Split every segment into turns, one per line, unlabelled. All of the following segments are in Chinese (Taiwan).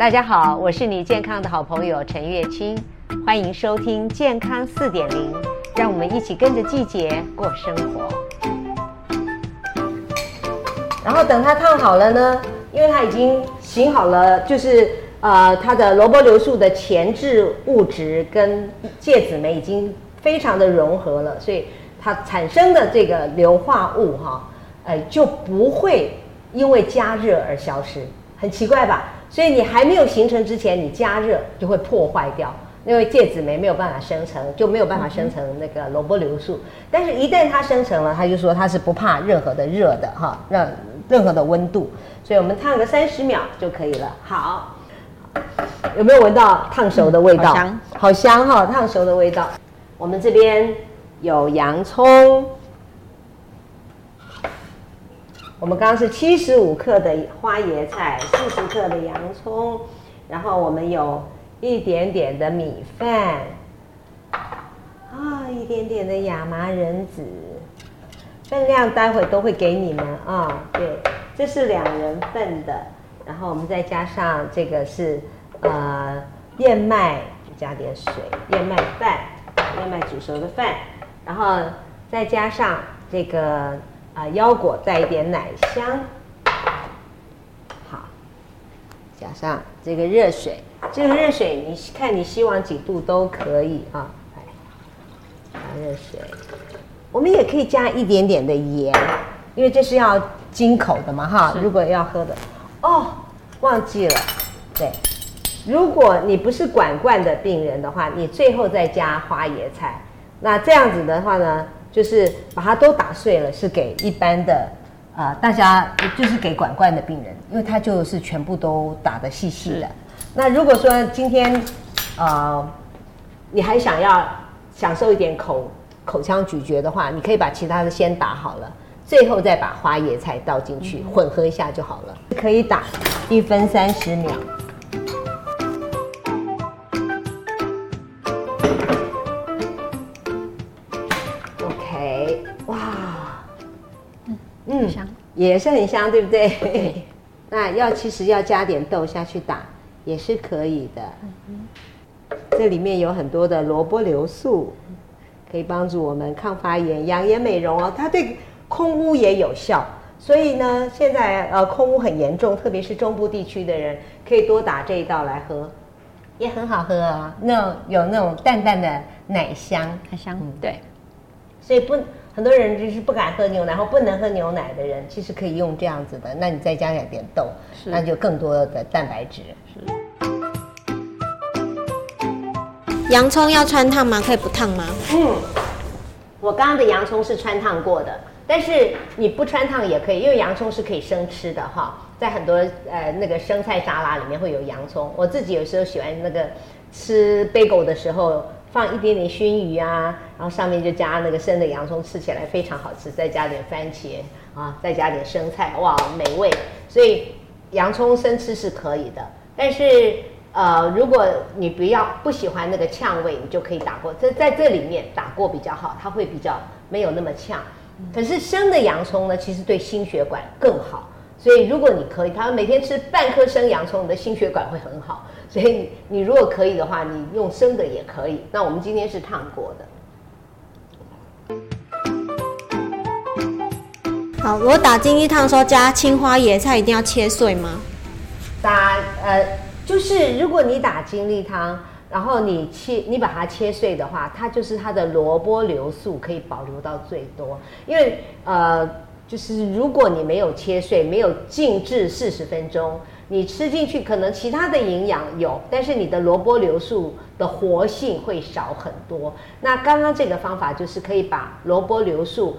大家好，我是你健康的好朋友陳月卿，歡迎收聽健康四點零，讓我們一起跟着季節過生活。然後等它燙好了呢，因為它已經醒好了，就是呃，它的蘿蔔硫素的前置物質跟芥子酶已經非常的融合了，所以它產生的這個硫化物哈，哎、呃，就不會因為加熱而消失，很奇怪吧？所以你還沒有形成之前，你加熱就會破壞掉，因為芥子酶沒有辦法生成，就沒有辦法生成那個蘿蔔硫素。嗯、但是一旦它生成了，它就說它是不怕任何的熱的哈，任何的溫度。所以我們燙個三十秒就可以了。好，有沒有聞到燙熟的味道？嗯、好香，好香哈、哦，燙熟的味道。我們這邊有洋蔥。我們剛剛是七十五克的花椰菜，四十克的洋蔥，然後我們有一點點的米飯，啊、哦，一點點的亞麻仁籽，分量待會都會給你們啊、哦。對，這是兩人份的，然後我們再加上這個是呃燕麥，加點水，燕麥飯，燕麥煮熟的飯，然後再加上這個。啊，腰果帶一點奶香，好，加上這個熱水，這個熱水你看你希望幾度都可以啊、哦。加熱水，我們也可以加一點點的鹽，因為這是要經口的嘛哈。哦、是如果要喝的，哦，忘記了，對。如果你不是管灌的病人的話，你最後再加花椰菜，那這樣子的話呢？就是把它都打碎了，是給一般的啊、呃，大家就是給管灌的病人，因為他就是全部都打得細細的。是那如果說今天，呃，你還想要享受一點口口腔咀嚼的話，你可以把其他的先打好了，最後再把花椰菜倒進去、嗯、混合一下就好了。可以打一分三十秒。也是很香，對不對？對，那要其實要加點豆下去打也是可以的。嗯、哼這裡面有很多的蘿蔔硫素，可以幫助我們抗發炎、養顏美容哦。它對空污也有效，所以呢，現在呃空污很嚴重，特別是中部地區的人，可以多打這一道來喝，也很好喝啊、哦。那種有那種淡淡的奶香，它香嗯對，所以不。很多人就是不敢喝牛奶，然後不能喝牛奶的人，其實可以用這樣子的。那你再加一點豆，是那就更多的蛋白質。是洋蔥要川燙嗎？可以不燙嗎？嗯，我剛剛的洋蔥是川燙過的，但是你不川燙也可以，因為洋蔥是可以生吃的哈。在很多呃那個生菜沙拉裡面會有洋蔥，我自己有時候喜歡那個吃貝果的時候。放一點點燻魚啊，然後上面就加那個生的洋蔥，吃起來非常好吃。再加點番茄啊，再加點生菜，哇，美味！所以洋蔥生吃是可以的，但是呃，如果你不要不喜歡那個嗆味，你就可以打過。這在這裡面打過比較好，它會比較沒有那麼嗆。可是生的洋蔥呢，其實對心血管更好。所以，如果你可以，他每天吃半顆生洋蔥，你的心血管會很好。所以你，你如果可以的話，你用生的也可以。那我們今天是燙過的。好，我打精力湯的時候加青花椰菜一定要切碎嗎？打呃，就是如果你打精力湯，然後你切，你把它切碎的話，它就是它的蘿蔔硫素可以保留到最多，因為呃。就是如果你沒有切碎，沒有靜置四十分鐘，你吃進去可能其他的營養有，但是你的蘿蔔硫素的活性會少很多。那剛剛這個方法就是可以把蘿蔔硫素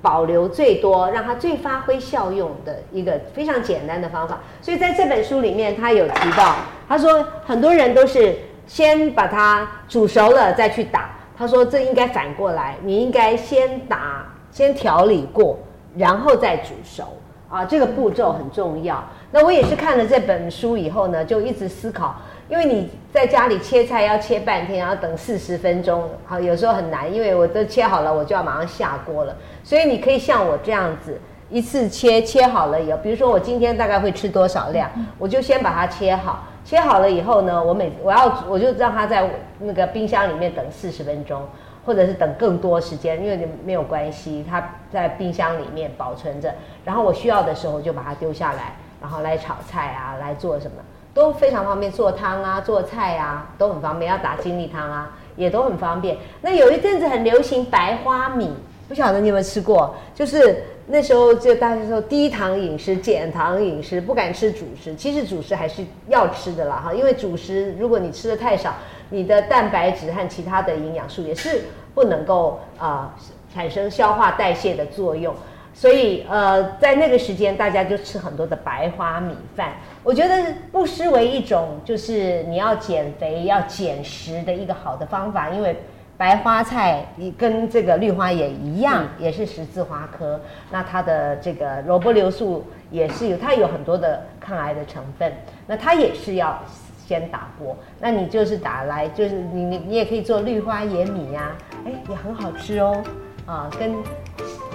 保留最多，讓它最發揮效用的一個非常簡單的方法。所以在這本書裡面，他有提到，他說很多人都是先把它煮熟了再去打，他說這應該反過來，你應該先打，先調理過。然後再煮熟啊，這個步驟很重要。那我也是看了這本書以後呢，就一直思考，因為你在家裡切菜要切半天，要等四十分鐘，好，有時候很難，因為我都切好了，我就要馬上下鍋了。所以你可以像我這樣子，一次切切好了以後，比如說我今天大概會吃多少量，我就先把它切好。切好了以後呢，我每我要我就讓它在那個冰箱裡面等四十分鐘。或者是等更多時間，因為沒有關係，它在冰箱裡面保存着。然後我需要的時候就把它丟下來，然後來炒菜啊，來做什麼都非常方便。做湯啊，做菜啊都很方便。要打精力湯啊也都很方便。那有一陣子很流行白花米，不曉得你有沒有吃過？就是那時候就大家說低糖飲食、減糖飲食，不敢吃主食。其實主食還是要吃的啦，哈，因為主食如果你吃的太少。你的蛋白質和其他的營養素也是不能夠啊、呃、產生消化代謝的作用，所以呃，在那個時間大家就吃很多的白花米飯，我覺得不失為一種就是你要減肥要減食的一個好的方法，因為白花菜跟這個綠花也一樣，嗯、也是十字花科，那它的這個蘿蔔硫素也是有，它有很多的抗癌的成分，那它也是要。先打鍋，那你就是打來，就是你你你也可以做綠花椰米呀、啊，哎、欸、也很好吃哦，啊跟，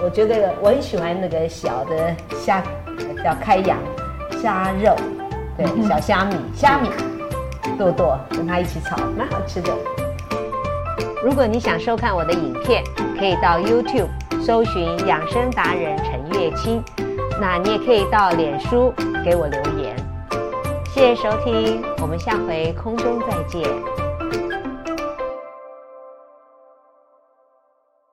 我覺得我很喜歡那個小的蝦，叫開洋蝦肉，對、嗯、哼小蝦米蝦米，多多，跟他一起炒，蠻好吃的。如果你想收看我的影片，可以到 YouTube 搜尋養生達人陳月卿，那你也可以到臉書給我留言。謝謝收聽，我們下回空中再見。